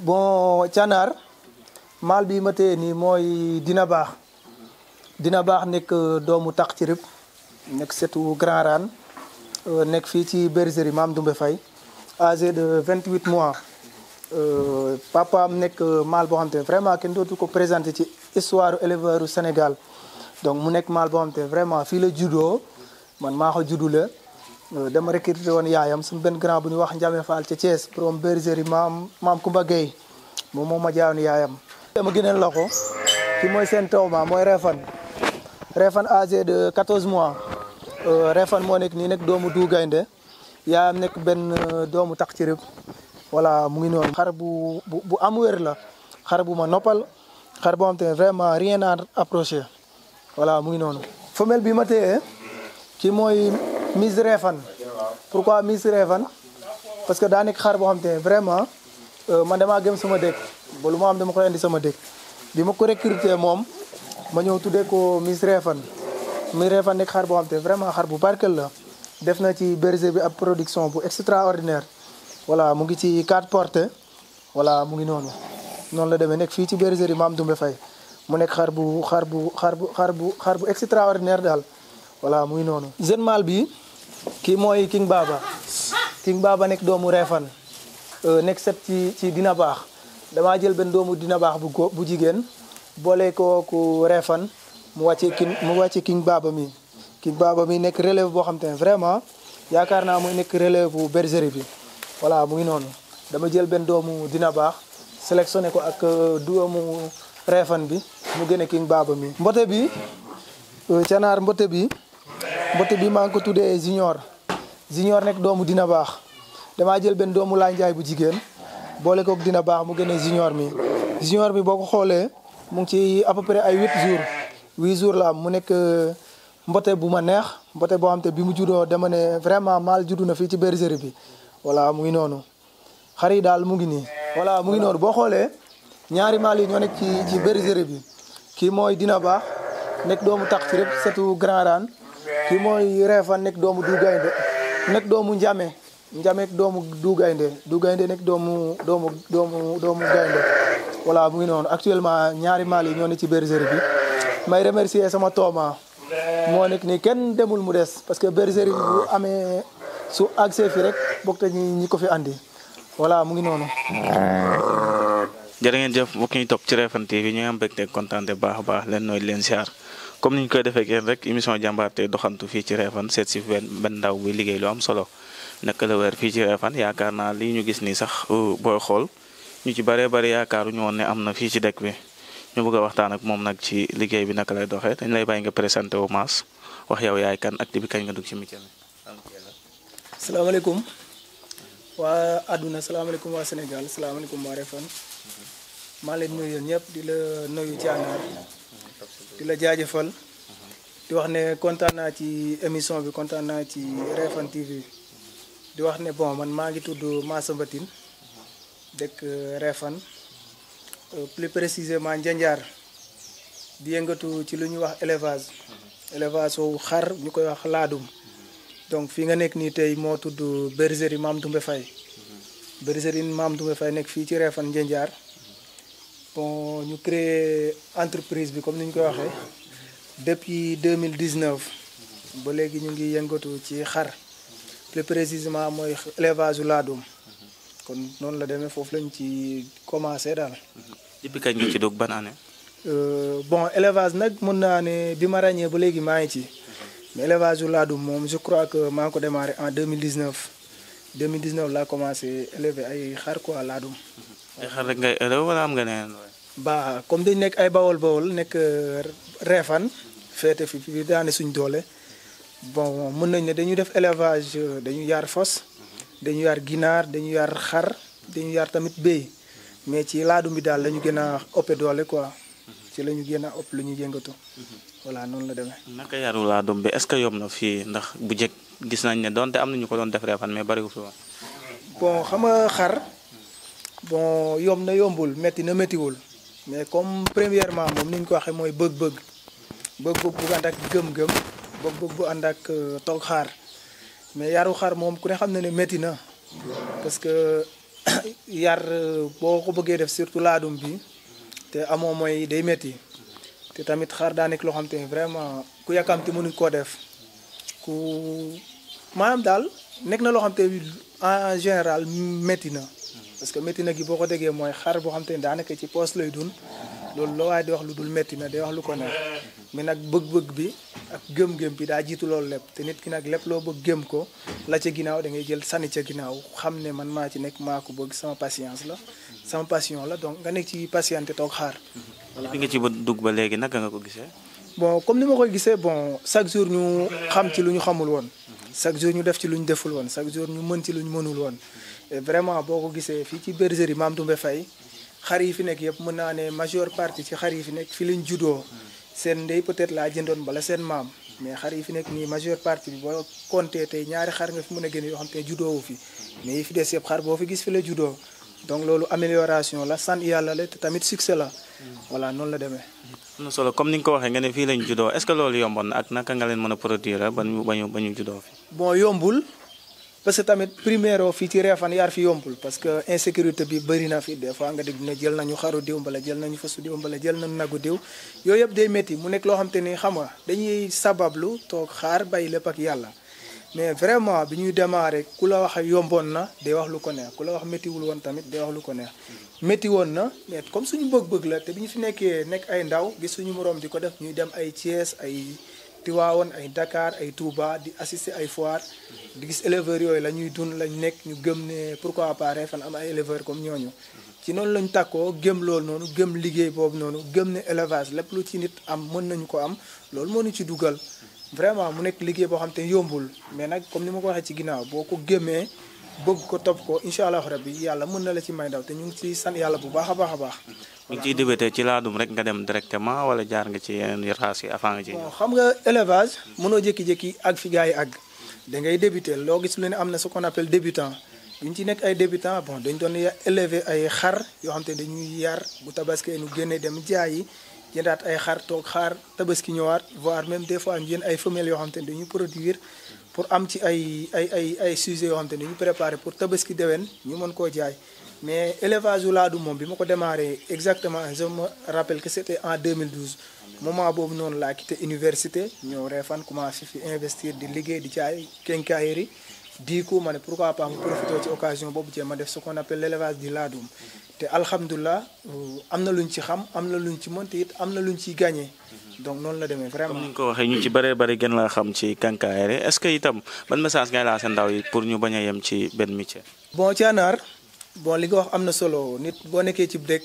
bon canaar maal bi ma téye nii mooy dina baax dina baax nekk euh, doomu tax ci rib nekk setu Grand Rane euh, nekk fii ci bergerie Mame Doumbé fay âgé de 28 mois euh, papaam nekk maal boo xam vraiment kenn dootu ko présenté ci histoire éleveur u Sénégal donc mu nekk maal boo vraiment fi la juddoo man maa ko juddu la Euh, dama recruté woon yaayam suñu benn grand bu ñu wax Ndiame fa ca Thiès borom bergerie maam maam Kumba Gueye moom moo ma jaayoon yaayam. dama gënal la ko ki mooy seen taw ma mooy Refan Refan âgé mois euh, Refan moo nekk nii nekk doomu du gaynde yaayam nekk benn euh, doomu tax ci rëb voilà mu ngi noonu. xar bu bu bu am wér la xar bu ma noppal xar boo xam te ne rien à approcher voilà mu ngi noonu. femelle bi ma téye ki mooy Miss Refan pourquoi Miss Réfane parce que daa nekk xar boo xam te ne vraiment euh, man damaa gëm sama dëkk ba lu ma am dama koy indi sama dëkk bi ma ko recruté moom ma ñëw tuddee ko Miss Réfane Miss Réfane nekk xar boo xam te vraiment xar bu barkel la def na ci berger bi ab production bu extraordinaire voilà mu ngi ci quatre portes voilà mu ngi noonu noonu la demee nekk fii ci bergerie Mame Doumbé fay mu nekk xar bu xar bu xar bu xar bu xar bu extraordinaire daal voilà mu ngi noonu kii mooy King Baba King Baba nekk doomu reefan euh, nekk set ci ci dina baax damaa jël benn doomu dina baax bu góor bu jigéen boole ko ku Réfane mu wàccee King mu wàccee King Baba mi. King Baba mi nekk relève boo xam ne vraiment yakaar naa muy nekk relève bu bergerie bi voilà mu ngi noonu dama jël benn doomu dina baax sélectionné ko ak euh, doomu Réfane bi mu gën a King Baba mi. mbote bi euh, canaar mbote bi. mbote bi maa ngi ko tuddee junior junior nekk doomu dina baax damaa jël benn doomu laa njaay bu jigéen boole kook dina baax mu génnee junior mi junior bi boo ko xoolee mu ngi ci à près ay huit jours huit jours la mu nekk euh, mbote bu ma neex mbote boo bi mu juddoo dama ne vraiment mal juddu na fii ci bergerie bi voilà mu ngi noonu xar yi daal mu ngi nii voilà mu ngi noonu boo xoolee ñaari maal yi ñoo nekk ci ci bergerie bi kii mooy dina baax nekk doomu tax ci rek setu grand ran kii mooy reefan nekk doomu du gaynde nekk doomu njame njame doomu du gaynde du gaynde nekk doomu doomu doomu doomu gaynde voilà mu ngi noonu actuellement ñaari maal yi ñoo ne ci bergerie bi may remercier sama tooma moo nekk ni kenn demul mu des parce que bergerie bu amee su accès fi rek bokk te ñi ñi ko fi andi wala mu ngi noonu jërë ngeen jëf mbokk ñu topp ci Refane TV ñu am mbégte kontaan bu baax a baax leen nooy leen siyaar comme niñ koy defee rek émission jàmbaarte doxantu fii ci reefan seet si ben ben ndaw bi liggéey lu am solo naka la weer fii ci reefan yaakaar naa li ñu gis ni sax uh, booy xool ñu ci bare bare yaakaaruñu woon ne am na fii ci dëkk bi ñu bëgg a waxtaan ak moom nag ci liggéey bi naka lay doxee dañ lay bàyyi nga présenté wu maas wax yow yaay kan ak bi kañ nga dug ci métier salaamaaleykum waa àdduna salaamaaleykum waa Sénégal salaamaaleykum waa Refane maa leen nuyu ñëpp di la nuyu ci àndaar di la jaajeufal di wax ne content na ci émission bi content na ci Refane TV di wax ne bon man maa ngi tudd Massamba Tine dëkk Refane euh, plus précisément Njanjaar di yëngatu ci luñu wax élevage élevage wu xar ñukoy wax laadum donc fi nga nek ni tay mo tuddu bergerie mam Doumbé fay bergerie mam Doumbé fay nek fi ci bon ñu créé entreprise bi comme ni ñu ko depuis 2019 ba léegi ñu ngi yëngatu ci xar plus précisément mooy élevage u laadum kon noonu la demee foofu lañ ci commencé daal. depuis quand nga ci dog ban année. Euh, bon élevage nag mën naa ne bi ma ràññee ba léegi maa ci mais élevage u laadum je crois que maa ngi démarré en 2019 2019 laa commencé élever ay xar quoi laadum. ay xar ngay élever wala am nga ba comme dañ nekk ay bawol bawol nekk euh, reefan féete fi fi daane suñ doole bon mën nañ ne dañu def élevage euh, dañu yar fos dañu yar ginaar dañu yar xar dañu yar tamit béy mais ci laadum bi daal la ñu gën a ëpp doole quoi ci la ñu gën a ëpp lu ñuy yëngatu voilà noonu la demee. naka yaru laadum bi est ce que yomb na fii ndax bu njëkk gis nañ ne donte am na ñu ko doon def reefan mais bariwul fi woon. bon xam nga xar bon yomb na yombul métti na méttiwul. mais comme premièrement moom ni ñu ko waxee mooy bëgg-bëgg bëgg-bëgg bu ak gëm-gëm bëgg-bëgg bu ànd ak euh, toog xaar mais yaru xaar moom ku ne xam na ne métti na parce que yar euh, boo ko bëggee def surtout laadum bi te amoo mooy day métti te tamit xaar daa nekk loo xam te vraiment ku yàkkamti mënuñ koo def ku maanaam daal nekk na loo xam te en général métti na. parce que métti nag gi boo ko déggee mooy xar boo xam te ne daanaka ci poos lay dund loolu loo waaye di wax lu dul métti mais day wax lu ko neex mais nag bëgg-bëgg bi gëm-gëm bi daa jiitu loolu lépp te nit ki nag loo bëgg gëm ko la ca ginnaaw da ngay jël sànni ca ginnaaw xam ne man maa ci nekk maa ko bëgg sama patience la sama passion la donc nga nekk ci patiente toog xaar bi nga ci ba dugg ba léegi naka nga ko gisee bon comme ni ma koy gisee bon chaque jour ñu xam ci lu ñu xamul woon mhm. chaque jour ñu def ci lu ñu deful woon chaque jour ñu mën ci lu ñu mënul woon Euh, vraiment boko ko fi ci bergerie mam Doumbé fay xari fi nek yépp mëna né ne partie ci xari fi nek fi liñ judo sen ndey peut être la jëndon bala sen maam mais xari fi nek ni major partie bi boo compté ñaari xar nga fi mëna gën yo yoo te fi mais fi dess yépp xar bo fi gis fi la judo donc lolu amélioration la sant yalla la tamit succès la voilà non la démé am solo comme ni nga ko waxee nga né fi lañ judo est ce que lolu yombon ak naka nga leen mëna produire ba ñu ba ñu fi bon yombul parce que tamit primero fii ci Réfane yaar fi yombul parce que insécurité bi bëri na fi des fois nga dégg ne jël nañu xaru diw mbala jël nañu fasu diw mbala jël nañu nagu diw yooyu yëpp day métti mu nekk loo xam te ni xam nga dañuy sabablu toog xaar bàyyi lépp ak yàlla mais vraiment bi ñuy démarré ku la wax yomboon na day wax lu ko neex ku la wax méttiwul woon tamit day wax lu ko neex métti woon na mais comme suñu bëgg-bëgg la te bi ñu fi nekkee nekk a ndaw gis moroom di ko def ñuy dem ay Thiès ay Tiwaawoon ay dakaar ay Touba di assister ay foire di gis éleveurs yooyu la ñuy dund lañ nekk ñu gëm ne pourquoi pas Refane am ay éleveurs comme ñooñu ci noonu lañ takkoo gëm loolu noonu gëm liggéey boobu noonu gëm ne élevage lépp lu ci nit am mën nañu ko am loolu moo ñu ci dugal vraiment mu nekk liggéey boo xam te yombul mais nag comme ni ma ko waxee ci ginnaaw boo ko gémmee bëgg ko topp ko allah allahu rabbi yàlla mën na la ci may daw te ñu ngi ciy sant yàlla bu baax a baax a baax. ñu ngi ciy débuté ci laadum rek nga dem directement wala jaar nga ci yeneen races yi avant nga ci. bon xam nga élevage mënoo jékki-jékki ak fi gars yi àgg da ngay débuté loo gis lu ne am na ce qu'on appelle débutant bu ñu ci nekk ay débutant bon dañ doon élever ay xar yoo xam te dañuy yar bu tabaskee nu génne dem jaayi jëndaat ay xar toog xaar tabaski ñëwaat voire même des fois ñu ay femelles yoo xam te dañuy produire. pour am ci ay ay ay ay sujets yoo xam te ne ñu préparé pour tabaski déwén ñu mën koo jaay mais élevage wu laadum moom bi ma ko démarré exactement je me rappelle que c' était en 2012 moment boobu noonu laa quitté université ñëw Réfane commencé fi investir di liggéey di jaay quincaillerie di ko ma ne pourquoi pas mu profité ci occasion boobu jéem ma def ce qu'on appelle l' di du laadum te alhamdulilah euh, am na lu ñu ci xam am na lu ñu ci mënti it am na lu ñu ciy gagné. donc noonu la demee vraiment. comme ni nga ko waxee ñu ci bëree bëri gën laa xam ci Kankaayre est-ce que itam ban message ngay lancé ndaw yi pour ñu bañ a yem ci benn métier. bon Thianar bon li nga wax am na solo nit boo nekkee ci dëkk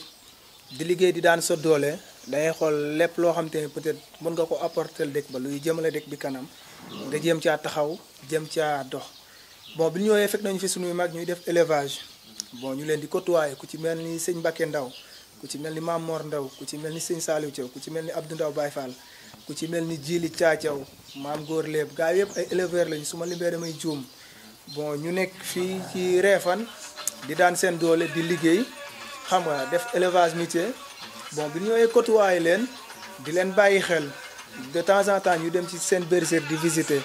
di liggéey di daan sa doole dangay xool lépp loo xam te ne peut-être mën nga ko apporter dëkk ba luy jëmale dëkk bi kanam. nga jéem caa taxaw jëm caa dox. bon bi ñu ñëwee fekk nañu fi suñuy mag ñuy def élevage bon ñu leen di côtoyer ku ci mel ni sëñ Mbacke Ndaw ku ci mel ni Maam Mor Ndaw ku ci mel ni Sëñ Saaliw Thiaw ku ci mel ni Abdou Ndaw Baye Fall ku ci mel ni Jili Caacaw Maam Góor Léeb gaa yëpp ay éleveurs lañu su ma limbee damay juum bon ñu nekk fii ci Réfane di daan seen doole di liggéey xam nga def élevage métier bon bi ñëwee côtoyé leen di leen bàyyi xel de en temps ñu dem ci seen bergerie di visiter.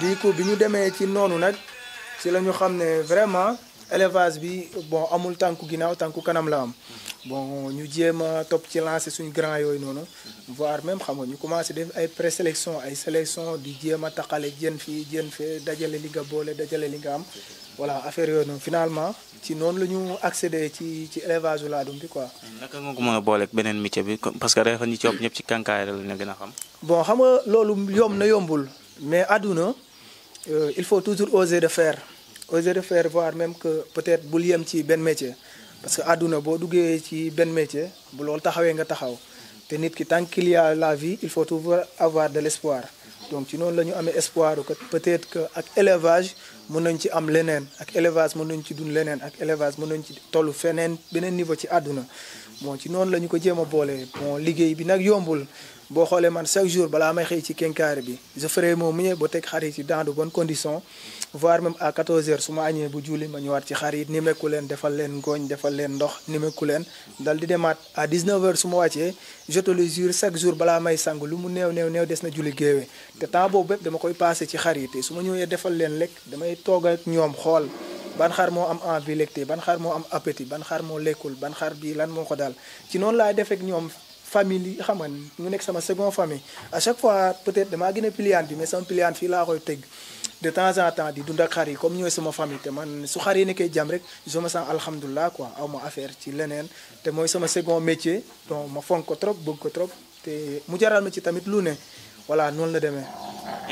Mhm. du bi ñu demee ci noonu nag ci la ñu xam ne vraiment élevage bi bon amul tànku ginnaaw tànku kanam la am. Mhm. bon ñu jéem top topp ci lancé suñu grand yooyu non voire même xam nga ñu commencé def ay présélection ay sélection di jéem a taqale jën fii jën fee dajale li nga boole dajale li nga am voilà affaire yo finalement ci non lañu accéder ci ci élevage la dum bi quoi naka nga ko mëna bolé ak benen métier bi parce que refa ñi ci ëpp ñëpp ci kànkaay la ñu gëna xam bon xam nga lolu yom na yombul mais àdduna euh, il faut toujours oser de faire oser de faire voir même que peut-être bul yem ci ben métier parce que aduna bo duggee ci ben métier bu lol taxawé nga taxaw té nit ki tant qu'il y a la vie il faut toujours avoir de l'espoir donc ci non la amé espoir que peut-être que ak élevage mën nañ ci am lenen ak élevage mën nañ ci dund lenen ak élevage mën nañ ci tollu fenen benen niveau ci aduna bon ci non lañu ko jéem a bon liggéey bi nak yombul bo xolé man chaque jour bala may xey ci kenkaari bi je ferai mon mieux bo tek xarit ci dans de bonnes conditions voire même à 14 heures suma ma bu julli ma ñëwaat ci xar yi nimeku leen defal leen ngooñ defal leen ndox nimeku leen dal di demaat à 19 heures suma ma je te le jure chaque jour balaa may sang lu mu néew néew néew des na julli géewee te temps boobu bépp dama koy passé ci xar yi te su ma ñëwee defal leen lekk damay toog ak ñoom xool ban xar moo am envie lecté ban xar moo am appétit ban xar moo lekkul ban xar bi lan moo ko daal ci noonu laay defek ñoom famille yi xam nga ñu nekk sama second famille à chaque fois peut-être dama gën a pliante bi mais sama pliante fii laa koy tëgg de temps en temps di dund ak xar comme ñooy sama famille te man su xar yi nekkee jàmm rek je me sens alhamdulilah ko aw ma affaire ci leneen te mooy sama second métier donc ma fonk ko trop bëgg ko trop te mu jaral ma ci tamit lu ne voilà noonu la demee.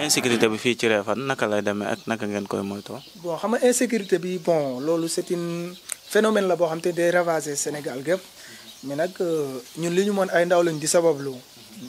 insécurité bi fii ci Réfane naka lay demee ak naka ngeen koy moytoo. bon xam nga insécurité bi bon loolu c'est une phénomène la boo xam te day ravager Sénégal gépp mais nag euh, ñun li ñu mën ay ndaw lañ di sabablu.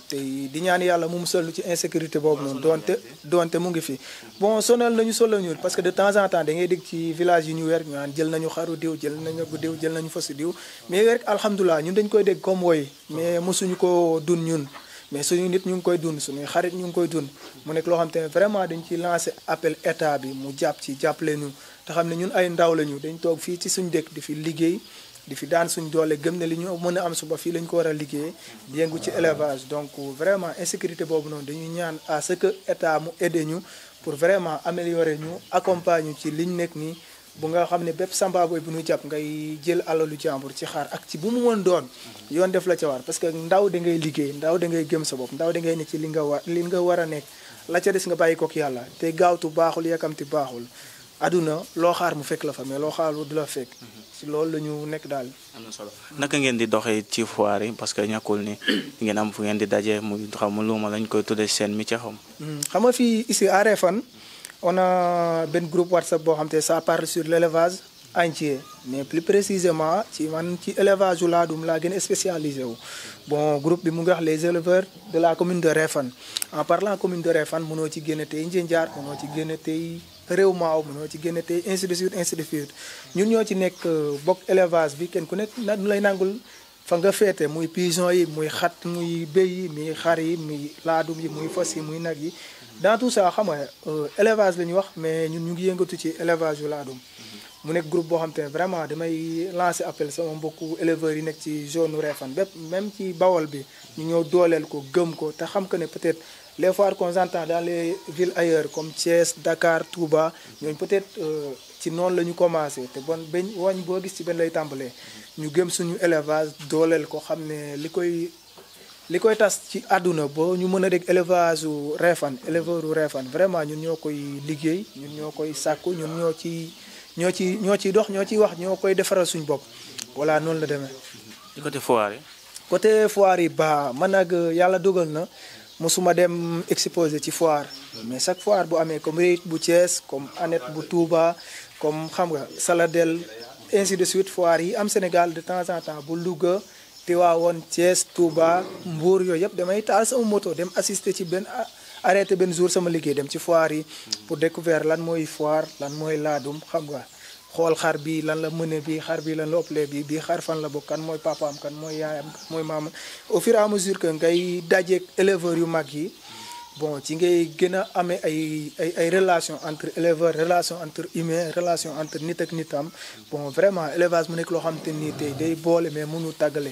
te di ñaan yàlla mu musal ci insécurité boobu noonu donte donte mu ngi fi bon sonal nañu solo ñu parce que de temps en temps da ngay dégg ci village yi ñu weer ñu naan jël nañu xaru diw jël nañu gu diw jël nañu fasu diw mais weer alhamdulilah ñun dañ koy dégg comme wooy mais mosuñu ko dun ñun mais suñu nit ñu ngi koy dund suñuy xarit ñu ngi koy dund mu nekk loo xam te ne vraiment dañ ci lancé appel état bi mu jàpp ci jàppale ñu te xam ne ñun ay ndaw lañu dañ toog fii ci suñu dëkk di fi liggéey di fi daan suñ doolee gëm ne li ñu mën am suba fii lañ ko war a liggéey di ci élevage donc vraiment insécurité boobu noonu dañuy ñaan à ce que état mu aidé ñu pour vraiment améliorer ñu accompagner ci liñ nekk nii bu nga xam ne bépp sambaaboy bu ñu jàpp ngay jël alalu jàmbur ci xaar ak ci bu mu mën doon yoon def la ca war parce que ndaw da ngay liggéey ndaw dangay ngay sa bopp ndaw da ngay ne ci li nga war li nga war a nekk la ca des nga bàyyi kook yàlla te gaawtu baaxul yàkkamti baaxul aduna lo xaar mu fekk la fa mais lo xaar du la fekk ci loolu lañu nekk daal na solo naka ngeen di doxé ci foire yi parce que ñakul ni ngeen am fu ngeen di mu xam lu ma lañ koy tuddee seen mi ci xam hmm. xam fi ici à Réfan on a ben groupe whatsapp bo xam te ça parle sur l'élevage entier mais plus précisément ci man ci élevage la dum la gën spécialisé wu bon groupe bi mu ngi wax les éleveurs de la commune de Réfan en parlant commune de Réfan mënoo ci ci Nous sommes ci ainsi de suite ainsi de suite ñun ñoo ci nekk Nous euh, élevage bi kenn ku Nous na ñu lay nangul fa nga pigeon yi Nous yi dans tout ça xam euh, élevage lañ wax mais ñun ñu ngi yëngatu ci groupe vraiment appel sama yi ci même ko gëm ko xam que peut-être les foires qu'on entend dans les villes ailleurs comme Thiès Dakar Touba ñooñu peut-être euh, ci noonu la ñu commencé te bon bañ wañ boo gis ci benn lay tàmbalee ñu gëm suñu élevage dooleel ko xam ne li koy li tas ci àdduna ba ñu mën a dégg élevage u éleveur u Réfane vraiment ñun ñoo koy liggéey ñun ñoo koy sàkku ñun ñoo ci ñoo ci ñoo ciy dox ñoo ciy wax ñoo koy defaral suñu bopp voilà noonu la demee. côté foire yi. côté foire yi ba man nag euh, yàlla dogal na. mosuma dem exposé ci foire mais chaque foire bu amee comme Réit bu Thiès comme Annette bu Touba comme xam nga Saladel ainsi de suite foire yi am Sénégal de temps en temps bu Louga Tiwaawoon Thiès Touba Mbour yooyu yëpp damay taal sama moto dem assister ci benn arrêté benn jour sama liggéey dem ci foire yi pour découvrir lan mooy foir lan mooy laadum xam nga xool xar bi lan la mëne bi xar bi lan la ëpple bi bii xar fan la bokk kan mooy papaam kan mooy yaayam kan mooy maamam au fur et à mesure que ngay dajeeg éleveurs yu mag yi bon ci ngay gën a amee ay ay ay relation entre éleveur relation entre humain relation entre nit ak nitam bon vraiment élevage mu nekk loo xam te nii tey day boole mais mënu tàggale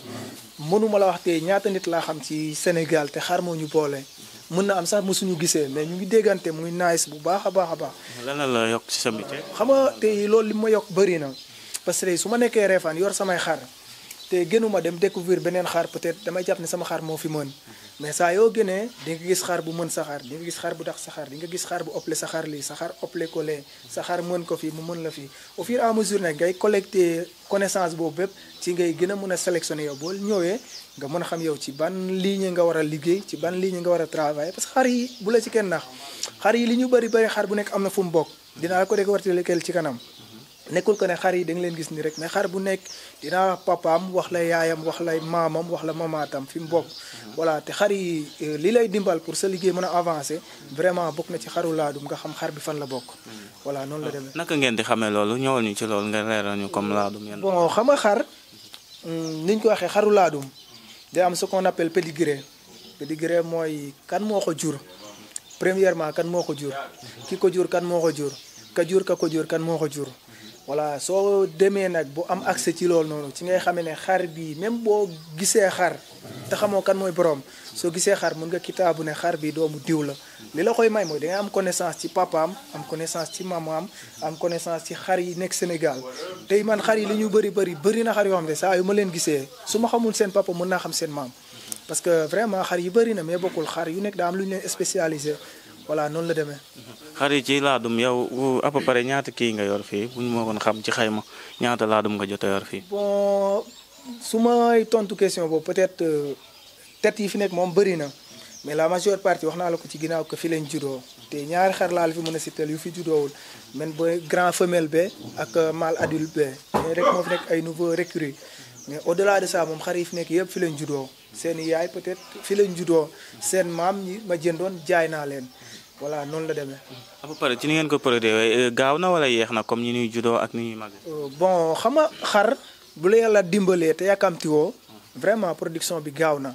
mënuma la wax tey ñaata nit laa xam ci Sénégal te xar moo ñu boole mun na am sax suñu gisee mais ñu ngi déggante muy nice bu baax a baax a baax. lan la la yokk ci sa métier. xam nga tey loolu li ma yokk bëri na parce que su ma nekkee reefaan yor samay xar. te gënuma dem découvrir beneen xaar peut-être damay jàpp ne sama xaar moo fi mën mais saa yoo génnee di nga gis xaar bu mën sa xaar di gis xaar bu dax sa xaar di nga xaar bu ople sa xaar lii sa xaar ople mën ko fii mu mën la fii au fur et à ngay collecter connaissance boobu bépp ci ngay gën a mën a sélectionner yow boo ñëwee nga mën a xam yow ci ban ligne nga war a liggéey ci ban ligne nga war a travailler parce que xaar yi bu la ci kenn nax xaar yi li ñu bëri bëri xaar bu nekk am na fu mu bokk dinaa ko décortiquer ci kanam nekkul ko ne xar yi da nga leen gis nii rek mais xar bu nekk dina wax papaam wax la yaayam wax la maamam wax la mamaatam fi mu bokk. Mhm. voilà te xar yi euh, li lay dimbal pour sa liggéey mën a avancer. vraiment bokk na ci xaru laadum nga xam xar bi fan la bokk. Mhm. voilà noonu la ah, demee. naka ngeen di xamee loolu ñëwal ñu ci loolu nga leeral ñu comme laadum yéen. nga xar mm, niñ ko waxee xaru laadum day am ce qu'on appelle pédigré pédigré mooy kan moo ko jur. premièrement kan moo ko jur. Mhm. ki ko jur kan moo ko jur. ka jur ka ko jur kan moo ko jur. voilà soo demee nag bu am accès ci loolu noonu ci ngay xamee ne xar bi même boo gisee xar te xamoo kan mooy borom soo gisee xar mun nga kitaabu ne xar bi doomu diw la li la koy may mooy da am connaissance ci papaam am connaissance ci mamaam am connaissance ci xar yi nekk Sénégal tey man xar yi li ñu bëri bëri bëri na xar yoo xam ne saa yu ma leen gisee su ma xamul seen papa mën naa xam seen maam parce que vraiment xar yi bëri na mais bokkul xar yu nekk daa lu ñu leen spécialisé voilà noonu la demee. xar yi ci laadum yow à peu près ñaata kii nga yor fii bu ñu moo koon xam ci xayma ñaata laadum nga jot a yor fii. bon su may tontu question boobu peut-être euh, tet yi fi nekk moom bëri na mais la majeure partie wax naa la ko ci ginnaaw ko fi leen juddoo te ñaari xar laal fi mën a sital yu fi juddoowul man booy grand femelle be ak euh, mal adulte be rek moo fi nekk ay nouveau recrue mais au delà de ça moom xar yi fi nekk yëpp fi leen juddoo sen yaay peut être fi leen non seen Apa ñi ma jëndoon jaay naa leen voilà la peu près ci ni ngeen ko euh, gaaw na wala yéex na comme ñi ñuy juddoo ak ni ñuy mag. Euh, bon xam nga xar bu la yàlla dimbalee te yàkkamti woo vraiment production bi gaaw na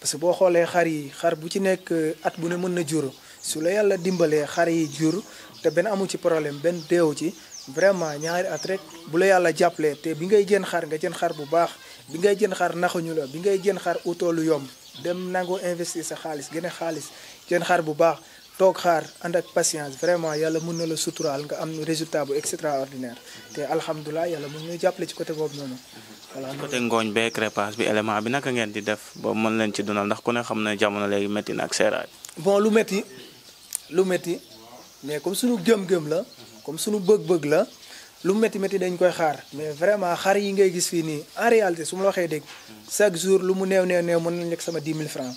parce que boo xar yi xar bu ci nekk euh, at bu ne juro, na jur su la yàlla dimbalee xar yi jur te ben amu ci problème benn deewu ci. vraiment ñaari at rek bu la yàlla jàppale te bi ngay jën xar nga jën xar bu baax bi ngay jën xar naxuñu la bi ngay jën xar utoo lu yomb dem nangoo investir sa xaalis gën xaalis jën xar bu baax toog xaar ànd ak patience vraiment yàlla mun na la suturaal nga am résultat bu extraordinaire te alhamdulilah yàlla mën na jàppale ci coté boobu noonu. voilà ci côté ngooñ beeg repas bi élément bi naka ngeen di def boo mën leen ci dundal ndax ku ne xam ne jamono léegi métti ak seeraay. bon lu métti lu métti la. comme suñu bëgg-bëgg la lu métti métti dañ koy xaar mais vraiment xar yi ngay gis fii nii en réalité su ma la waxee dégg chaque jour lu mu neew neew neew mën nañ lekk sama 10 000 francs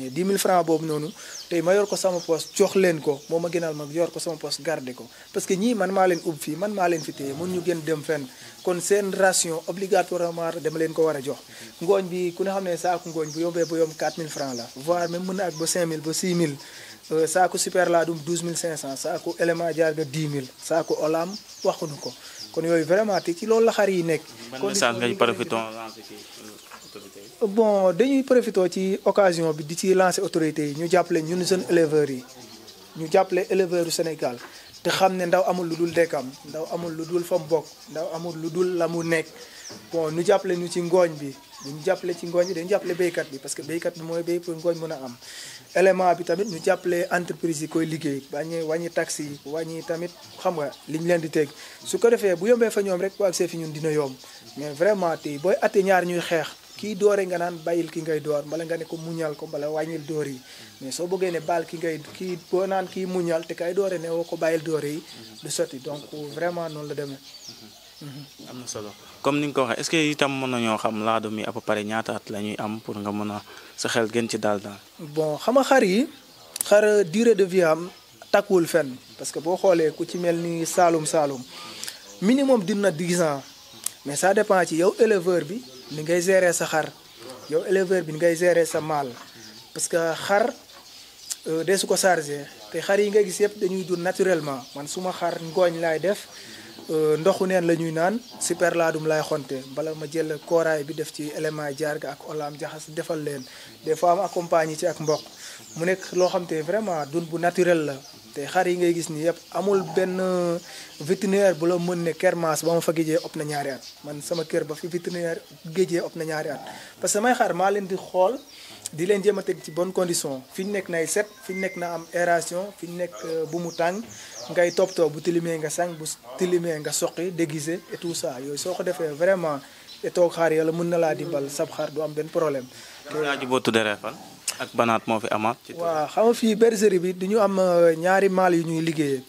mais 10 000 francs boobu noonu tey ma yor ko sama poos jox leen ko moo ma gënal ma yor ko sama poos garder ko parce que ñii man maa leen ub fii man maa leen fi téye mën ñu gën dem fenn kon seen ration obligatoirement dama leen ko war a jox ngooñ bi ku ne xam ne saaku ngooñ bu yombee ba yomb 4 000 francs la voire même mën na Euh, saako super cinq 12500 saako élément jaar nga mille saako olam waxuñu ko kon yooyu vraiment te ci loolu la xar yi nekk. kon message ngay profité lancer ci euh, autorité yi. Euh, bon dañuy profité ci occasion bi di ci lancer autorité yi ñu jàppale ñun jeunes éleveurs yi ñu jàppale éleveurs yu Sénégal te xam ne ndaw amul lu dul dekkam ndaw amul lu dul fa mu bokk ndaw amul lu dul la mu nekk bon ñu jàppale ñu ci ngooñ bi. duñu jàppale ci ngooñ bi dañu jàppale béykat bi parce que béykat bi mooy béy pour ngooñ mën a am élément bi tamit ñu jàppale entreprise yi koy liggéey bañu wàññi taxe yi wàññi tamit xam nga liñ leen di teg su ko defee bu yombee fa ñoom rek bu agsee fi ñun dina yomb mais vraiment tey booy atte ñaar ñuy xeex kii doore nga naan bàyyil ki ngay door mbala nga ne ko muñal ko mbala wàññil door yi mais soo bëggee ne baal ki ngay kii boo naan kii muñal te kay doore ne woo ko bàyyil doore yi du sotti donc vraiment noonu la demee am na solo comme ni nga ko waxee est-ce que itam mën nañoo xam laado mi à peu près at la ñuy am pour nga mën a sa xel gën ci daal daal. bon xam nga xar yi xar dure de vie am takkuwul fenn parce que boo xoolee ku ci mel ni Saalum Saalum minimum dina 10 ans mais ça dépend ci yow éleveur bi ni ngay gérer sa xar yow éleveur bi ni ngay gérer sa maal parce que xar euh, dee su ko chargé te xar yi nga gis yëpp dañuy dund naturellement man suma xar ngooñ laay def. Euh, ndoxu neen la ñuy naan si perlaadum lay xonte bala ma jël kooraay bi def ci élément jaar ga ak olam jaxas defal leen des fois am accompagné ci ak mboq mu nekk loo xam te vraiment dun bu naturel la te xar yi ngay gis ni yëpp amul benn vétérinaire bu la mën ne kermaas ba ma fa géejee op na ñaari at man sama kër ba fi vétérinaire géejee op na ñaari at parce que samay xar maa leen di xool di leen jéem a teg ci bonne condition fi ñu nekk nay set fi ñu nekk na am aération fi ñu nekk euh, bu mu tàng ngay top to bu tilimé nga sang bu tilimé nga soxi déguisé et tout ça yoy soko défé vraiment et tok xaar yalla mën na la dimbal sab xaar du am ben problème la ji bo tudé réfal ak banat mo fi amat ci wa xam fi bergerie bi diñu am euh, ñaari mal yu ñuy liggéeyé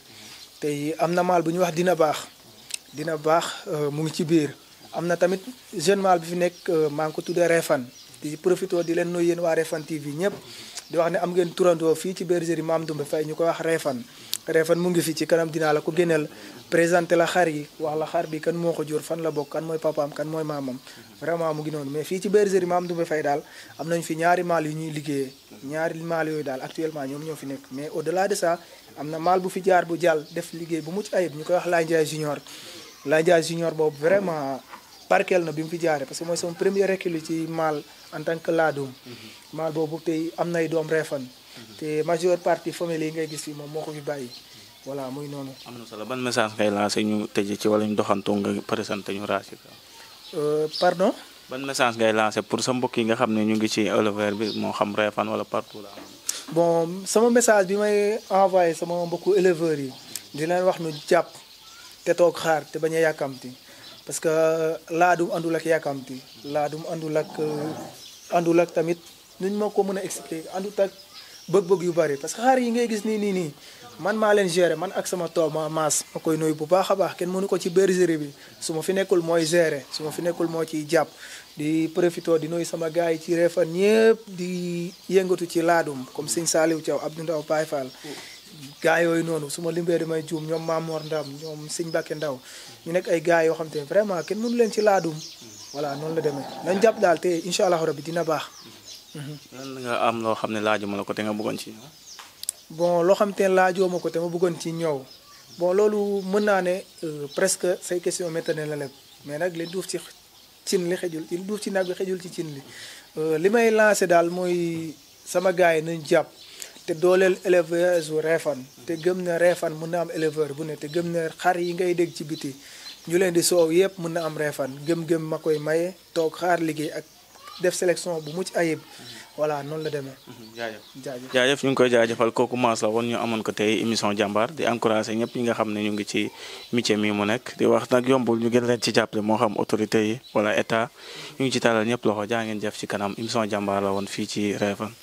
tay amna mal ñu wax dina bax dina bax euh, mu ngi ci biir amna tamit jeune mal bi fi nek euh, man ko tudé refan di profito di len noy wa refan tv ñep di wax ne am ngeen tourando fi ci bergerie mam dumbe fay ñuko wax refan Réfane mu ngi fi ci kanam dinaa la ko génneel présenté la xar yi wax la xar bi kan moo ko jur fan la bokk kan mooy papaam kan mooy maamam vraiment mu ngi noonu mais fii ci bergerie Mame Ndoumbé Faye daal am nañ fi ñaari maal yu ñuy liggéeye ñaari maal yooyu daal actuellement ñoom ñoo fi nekk mais au delà de ça am na maal bu fi jaar bu jàll def liggéey bu mucc ayib ñu koy wax Laye Ndiaye junior Laye Ndiaye junior boobu vraiment barkeel na bi mu fi jaaree parce que mooy sama premier recul ci maal en tant que laadum mm-hmm. maal boobu tey am nay doom Réfane Mhm. te majeure partie famille yi ngay gis fii moom moo ko fi bàyyi voilà muy noonu. am na solo ban message ngay lancé ñu tëjee ci wala ñu doxantoo nga présenté ñu raasi euh, pardon. ban message ngay lancé pour sa mbokk yi nga xam ne ñu ngi ci éleveur bi moo xam Réfane wala partout la bon sama message bi may envoyé sama mbokku éleveurs yi di leen wax nu jàpp te toog xaar te bañ yàkkamti parce que euh, laadum àndul ak yàkkamti laadum àndul ak euh, àndul ak tamit nuñ ma ko mën a expliquer àndut bëgg-bëgg yu bari parce que xaar yi ngay gis nii nii nii man maa leen gérer man ak sama tool ma maas ma koy nuyu bu baax a baax kenn mënu ko ci bergerie bi su ma fi nekkul mooy gérer su ma fi nekkul moo ciy jàpp di profito di nuyu sama gars yi ci réefan ñëpp di yëngatu ci laadum comme sëñ sali Thiaw Abdou Ndaw Baye Fall gaa yooyu noonu su ma limbee damay juum ñoom Mamor Ndam ñoom sëñ Mbàkke Ndaw ñu nekk ay gars yoo xam te vraiment kenn mënu leen ci laadum voilà noonu la demee nañ jàpp daal te incha allah rabbi dina baax Mm-hmm. lan nga am loo xam ne laajuma la ko te nga bëggoon ci ñëw. bon loo xam ne laajoo ma ma bëggoon ci ñëw bon loolu mën naa ne euh, presque say question maintenant la lépp mais nag li duuf ci cin li xejul li duuf ci nag bi xejul ci cin li euh, li may lancé daal mooy sama gars yi nañ jàpp. te dooleel éleveur su reefan mm-hmm. te gëm na reefan mën na am éleveur bu ne te gëm na xar yi ngay dégg ci biti ñu leen di soow yëpp mën na am reefan gëm-gëm ma koy maye toog xaar liggéey ak def sélection bu muc ayib voilà noonu la demee. Mhm, jaajëf jaajëf jaajëf ñu ngi koy jaajëfal kooku Mass la woon ñu amoon ko tey émission jàmbaar di encouragé ñëpp ñi nga xam ne ñu ngi ci métier mi mu nekk di wax nag yombul ñu gën leen ci jàppale moo xam autorité yi wala état ñu ngi ci tàllal ñëpp loxo jaa ngeen jëf ci kanam émission jàmbaar la woon fii ci Refane